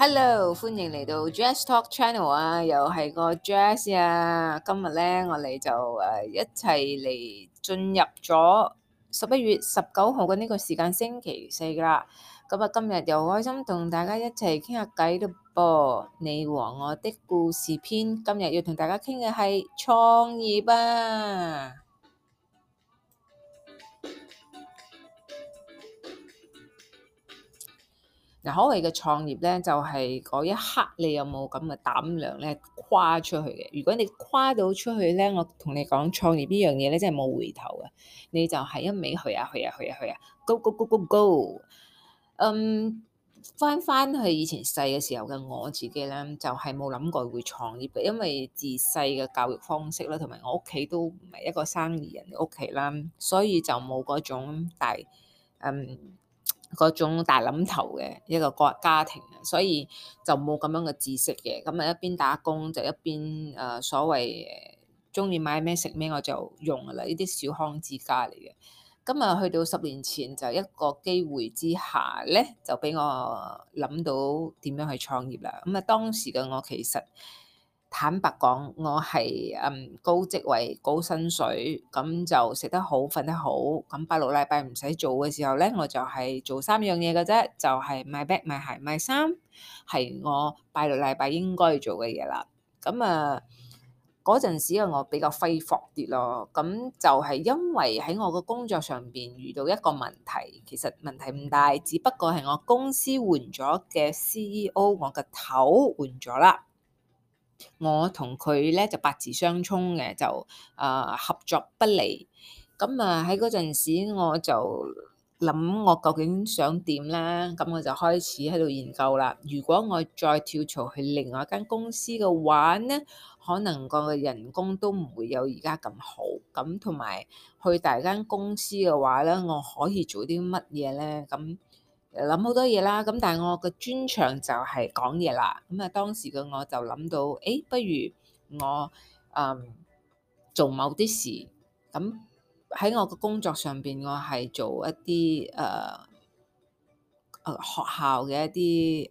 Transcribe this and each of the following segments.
Hello，歡迎嚟到 Jazz Talk Channel 啊，又係個 Jazz 啊！今日咧，我哋就誒、啊、一齊嚟進入咗十一月十九號嘅呢個時間，星期四㗎啦。咁啊，今日又好開心同大家一齊傾下偈咯噃。你和我的故事篇，今日要同大家傾嘅係創業啊。所謂嘅創業咧，就係嗰一刻你有冇咁嘅膽量咧，跨出去嘅。如果你跨到出去咧，我同你講創業呢樣嘢咧，真係冇回頭嘅。你就係一味去啊去啊去啊去啊 go,go go go go go。嗯，翻翻去以前細嘅時候嘅我自己咧，就係冇諗過會創業嘅，因為自細嘅教育方式啦，同埋我屋企都唔係一個生意人嘅屋企啦，所以就冇嗰種大嗯。Um, 嗰種大諗頭嘅一個個家庭，所以就冇咁樣嘅知識嘅。咁啊一邊打工就一邊誒、呃、所謂鍾意買咩食咩我就用噶啦，呢啲小康之家嚟嘅。咁啊去到十年前就一個機會之下咧，就俾我諗到點樣去創業啦。咁啊當時嘅我其實～坦白講，我係嗯，高職位高薪水，咁就食得好，瞓得好。咁拜六禮拜唔使做嘅時候咧，我就係做三樣嘢嘅啫，就係買 bag、買鞋、買衫，係我拜六禮拜應該做嘅嘢啦。咁啊，嗰陣時啊，我比較揮霍啲咯。咁就係因為喺我嘅工作上邊遇到一個問題，其實問題唔大，只不過係我公司換咗嘅 CEO，我嘅頭換咗啦。我同佢咧就八字相沖嘅，就誒、呃、合作不嚟。咁啊喺嗰陣時，我就諗我究竟想點咧？咁我就開始喺度研究啦。如果我再跳槽去另外間公司嘅話咧，可能個人工都唔會有而家咁好。咁同埋去大間公司嘅話咧，我可以做啲乜嘢咧？咁諗好多嘢啦，咁但係我個專長就係講嘢啦。咁啊，當時嘅我就諗到，誒、欸，不如我誒、嗯、做某啲事。咁、嗯、喺我個工作上邊，我係做一啲誒誒學校嘅一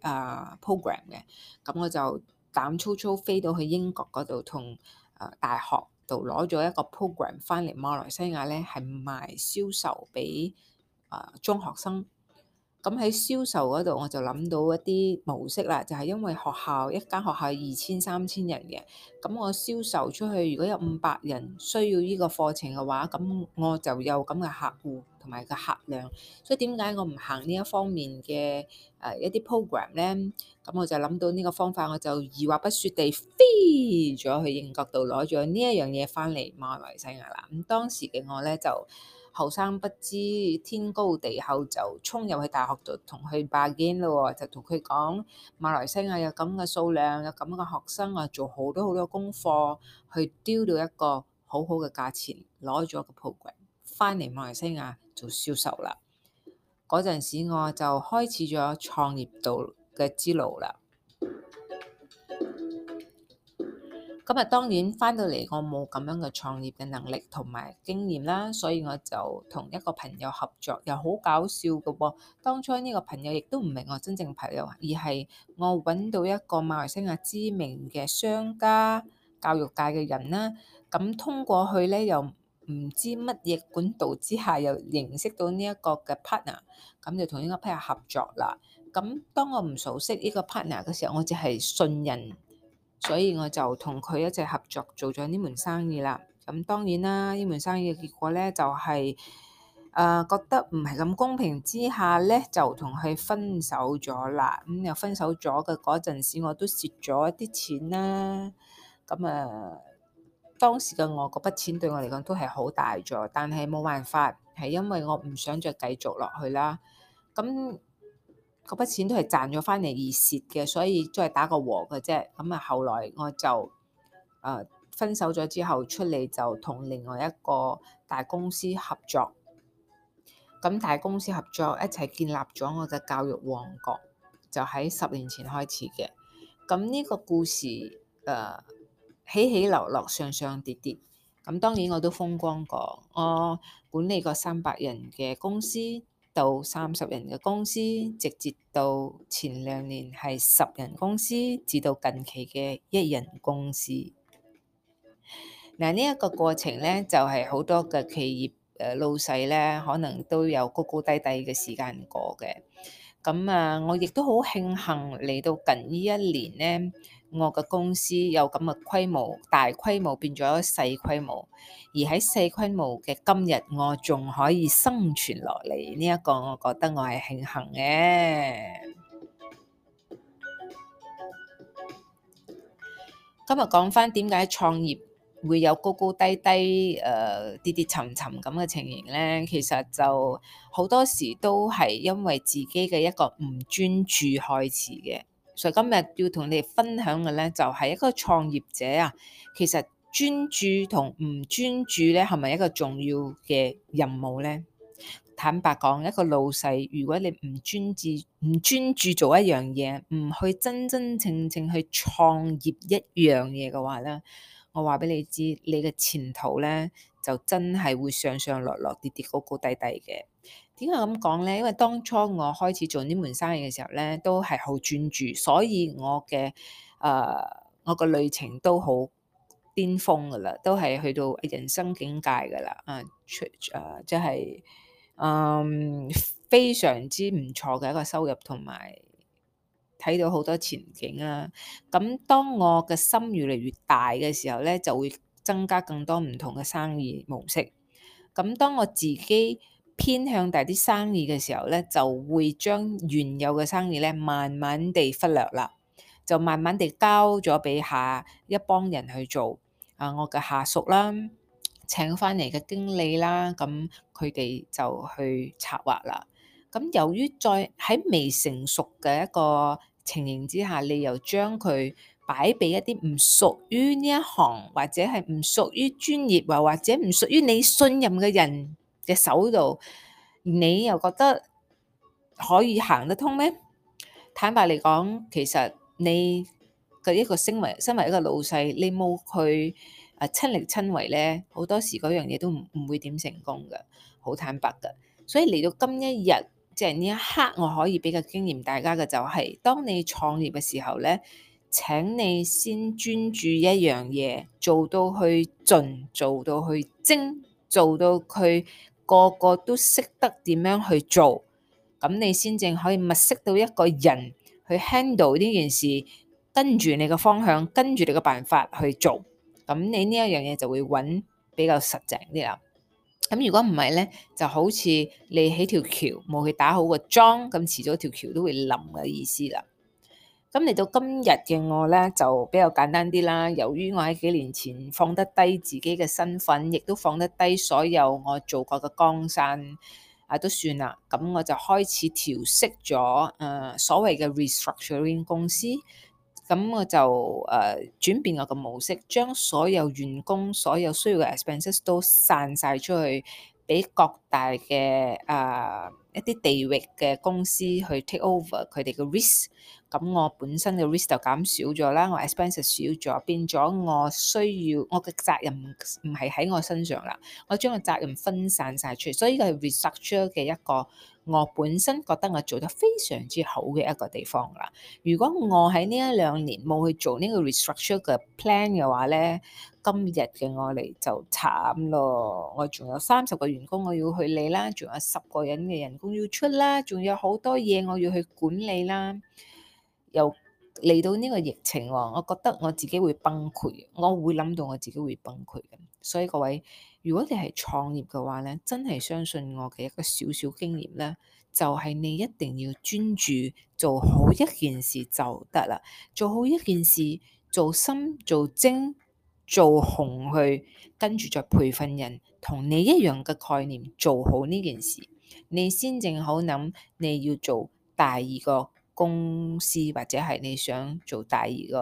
啲誒、呃、program 嘅。咁、嗯、我就膽粗粗飛到去英國嗰度，同誒大學度攞咗一個 program 翻嚟馬來西亞咧，係賣銷售俾誒中學生。咁喺銷售嗰度，我就諗到一啲模式啦，就係、是、因為學校一間學校二千三千人嘅，咁我銷售出去，如果有五百人需要呢個課程嘅話，咁我就有咁嘅客戶同埋個客量。所以點解我唔行呢一方面嘅誒一啲 program 呢？咁我就諗到呢個方法，我就二話不説地飛咗去英國度攞咗呢一樣嘢翻嚟馬來西亞啦。咁當時嘅我呢，就～後生不知天高地厚，就衝入去大學度同佢拜見咯喎，就同佢講馬來西亞有咁嘅數量，有咁嘅學生啊，做好多好多功課，去丟到一個好好嘅價錢攞咗個 program，翻嚟馬來西亞做銷售啦。嗰陣時我就開始咗創業道嘅之路啦。咁啊，當然返到嚟我冇咁樣嘅創業嘅能力同埋經驗啦，所以我就同一個朋友合作，又好搞笑嘅喎。當初呢個朋友亦都唔係我真正朋友，而係我揾到一個馬來西亞知名嘅商家、教育界嘅人啦。咁通過佢咧，又唔知乜嘢管道之下，又認識到呢一個嘅 partner，咁就同呢個 partner 合作啦。咁當我唔熟悉呢個 partner 嘅時候，我淨係信任。所以我就同佢一齊合作做咗呢門生意啦。咁當然啦，呢門生意嘅結果咧就係，誒覺得唔係咁公平之下咧，就同佢分手咗啦。咁又分手咗嘅嗰陣時，我都蝕咗一啲錢啦。咁啊，當時嘅我嗰筆錢對我嚟講都係好大咗，但係冇辦法，係因為我唔想再繼續落去啦。咁嗰筆錢都係賺咗返嚟而蝕嘅，所以再打個和嘅啫。咁啊，後來我就誒、呃、分手咗之後出嚟，就同另外一個大公司合作。咁大公司合作一齊建立咗我嘅教育王國，就喺十年前開始嘅。咁呢個故事誒、呃、起起落落，上上跌跌。咁當然我都風光過，我管理過三百人嘅公司。到三十人嘅公司，直接到前兩年係十人公司，至到近期嘅一人公司。嗱、啊，呢、這、一個過程呢，就係、是、好多嘅企業誒、呃、老細呢，可能都有高高低低嘅時間過嘅。咁啊，我亦都好慶幸嚟到近呢一年呢。我嘅公司有咁嘅規模，大規模變咗細規模，而喺細規模嘅今日，我仲可以生存落嚟，呢、這、一個我覺得我係慶幸嘅。今日講翻點解創業會有高高低低、誒、呃、跌跌沉沉咁嘅情形咧？其實就好多時都係因為自己嘅一個唔專注開始嘅。所以今日要同你哋分享嘅咧，就係一個創業者啊，其實專注同唔專注咧，係咪一個重要嘅任務咧？坦白講，一個老細，如果你唔專注、唔專注做一樣嘢，唔去真真正正去創業一樣嘢嘅話咧，我話俾你知，你嘅前途咧就真係會上上落落、跌跌高高低低嘅。點解咁講呢？因為當初我開始做呢門生意嘅時候呢，都係好專注，所以我嘅誒、呃、我嘅旅程都好巔峰㗎喇，都係去到人生境界㗎喇。誒即係非常之唔錯嘅一個收入，同埋睇到好多前景啊。咁當我嘅心越嚟越大嘅時候呢，就會增加更多唔同嘅生意模式。咁當我自己偏向大啲生意嘅時候咧，就會將原有嘅生意咧，慢慢地忽略啦，就慢慢地交咗俾下一幫人去做。啊，我嘅下屬啦，請翻嚟嘅經理啦，咁佢哋就去策劃啦。咁由於在喺未成熟嘅一個情形之下，你又將佢擺俾一啲唔屬於呢一行，或者係唔屬於專業，或或者唔屬於你信任嘅人，隻手度，你又覺得可以行得通咩？坦白嚟講，其實你嘅一個身為身為一個老細，你冇去啊親力親為咧，好多時嗰樣嘢都唔唔會點成功嘅，好坦白嘅。所以嚟到今一日，即係呢一刻，我可以俾個經驗大家嘅就係、是，當你創業嘅時候咧，請你先專注一樣嘢，做到去盡，做到去精，做到佢。個個都識得點樣去做，咁你先正可以物識到一個人去 handle 呢件事，跟住你個方向，跟住你個辦法去做，咁你呢一樣嘢就會穩比較實淨啲啦。咁如果唔係咧，就好似你起條橋冇去打好個樁，咁遲早條橋都會冧嘅意思啦。咁嚟到今日嘅我咧，就比較簡單啲啦。由於我喺幾年前放得低自己嘅身份，亦都放得低所有我做過嘅江山啊，都算啦。咁我就開始調適咗誒所謂嘅 restructuring 公司。咁我就誒、呃、轉變我嘅模式，將所有員工、所有需要嘅 expenses 都散晒出去。俾各大嘅啊一啲地域嘅公司去 take over 佢哋嘅 risk，咁我本身嘅 risk 就減少咗啦，我 expense 少咗，變咗我需要我嘅責任唔唔係喺我身上啦，我將個責任分散曬出去，所以呢個係 restructure 嘅一個。我本身覺得我做得非常之好嘅一個地方啦。如果我喺呢一兩年冇去做呢個 restructure 嘅 plan 嘅話呢，今日嘅我嚟就慘咯。我仲有三十個員工我要去理啦，仲有十個人嘅人工要出啦，仲有好多嘢我要去管理啦。又嚟到呢個疫情喎，我覺得我自己會崩潰，我會諗到我自己會崩潰嘅。所以各位。如果你係創業嘅話咧，真係相信我嘅一個小小經驗咧，就係、是、你一定要專注做好一件事就得啦。做好一件事，做深、做精、做紅，去跟住再培訓人同你一樣嘅概念，做好呢件事，你先正好諗你要做第二個公司，或者係你想做第二個誒、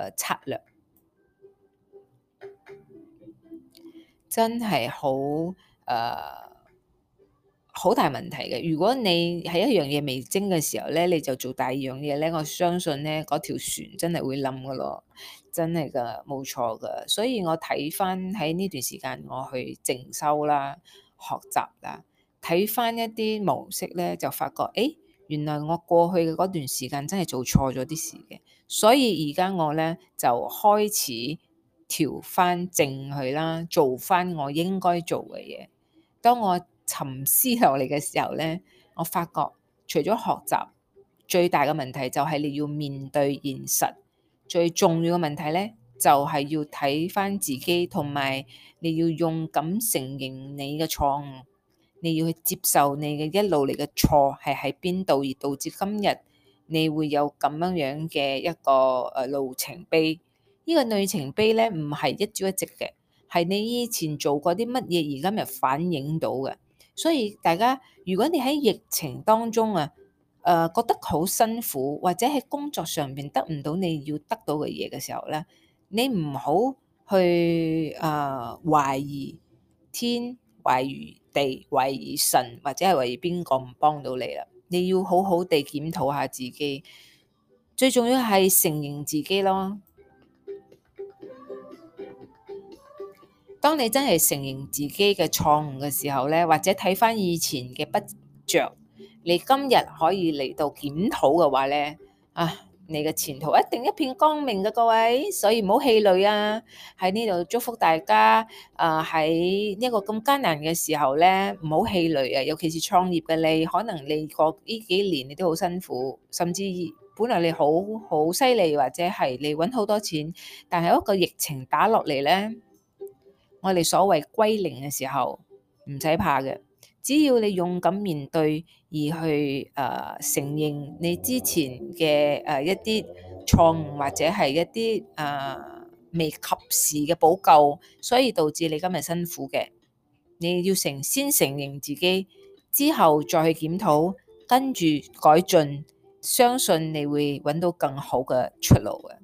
呃、策略。真係好誒，好、呃、大問題嘅。如果你喺一樣嘢未精嘅時候咧，你就做第二樣嘢咧，我相信咧，嗰條船真係會冧噶咯，真係噶，冇錯噶。所以我睇翻喺呢段時間，我去淨修啦、學習啦，睇翻一啲模式咧，就發覺誒，原來我過去嘅嗰段時間真係做錯咗啲事嘅。所以而家我咧就開始。調翻正去啦，做翻我應該做嘅嘢。當我沉思落嚟嘅時候咧，我發覺除咗學習，最大嘅問題就係你要面對現實。最重要嘅問題咧，就係要睇翻自己，同埋你要勇敢承認你嘅錯誤，你要去接受你嘅一路嚟嘅錯係喺邊度，而導致今日你會有咁樣樣嘅一個誒路程碑。呢個內情碑咧，唔係一朝一夕嘅，係你以前做過啲乜嘢，而今日反映到嘅。所以大家，如果你喺疫情當中啊，誒、呃、覺得好辛苦，或者喺工作上邊得唔到你要得到嘅嘢嘅時候咧，你唔好去誒、呃、懷疑天、懷疑地、懷疑神，或者係懷疑邊個唔幫到你啦。你要好好地檢討下自己，最重要係承認自己咯。當你真係承認自己嘅錯誤嘅時候咧，或者睇翻以前嘅不著，你今日可以嚟到檢討嘅話咧，啊，你嘅前途一定一片光明嘅，各位，所以唔好氣餒啊！喺呢度祝福大家啊！喺呢一個咁艱難嘅時候咧，唔好氣餒啊！尤其是創業嘅你，可能你過呢幾年你都好辛苦，甚至本來你好好犀利，或者係你揾好多錢，但係嗰個疫情打落嚟咧。我哋所謂歸零嘅時候，唔使怕嘅，只要你勇敢面對而去誒、呃、承認你之前嘅誒、呃、一啲錯誤或者係一啲誒、呃、未及時嘅補救，所以導致你今日辛苦嘅，你要承先承認自己，之後再去檢討，跟住改進，相信你會揾到更好嘅出路嘅。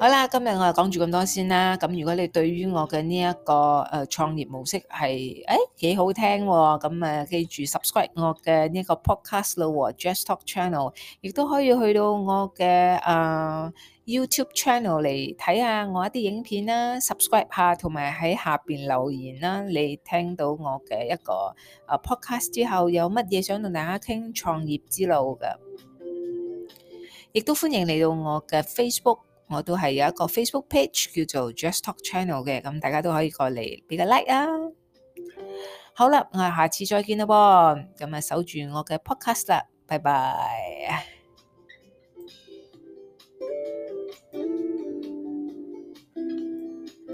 好啦，今日我就講住咁多先啦。咁如果你對於我嘅呢一個誒創業模式係誒幾好聽喎，咁誒記住 subscribe 我嘅呢個 podcast 咯，Jest talk channel，亦都可以去到我嘅誒 YouTube channel 嚟睇下我一啲影片啦，subscribe 下，同埋喺下邊留言啦。你聽到我嘅一個誒 podcast 之後，有乜嘢想同大家傾創業之路嘅，亦都歡迎嚟到我嘅 Facebook。我都係有一個 Facebook page 叫做 Just Talk Channel 嘅，咁大家都可以過嚟畀個 like 啊！好啦，我下次再見啦噃，咁啊守住我嘅 podcast 啦，拜拜。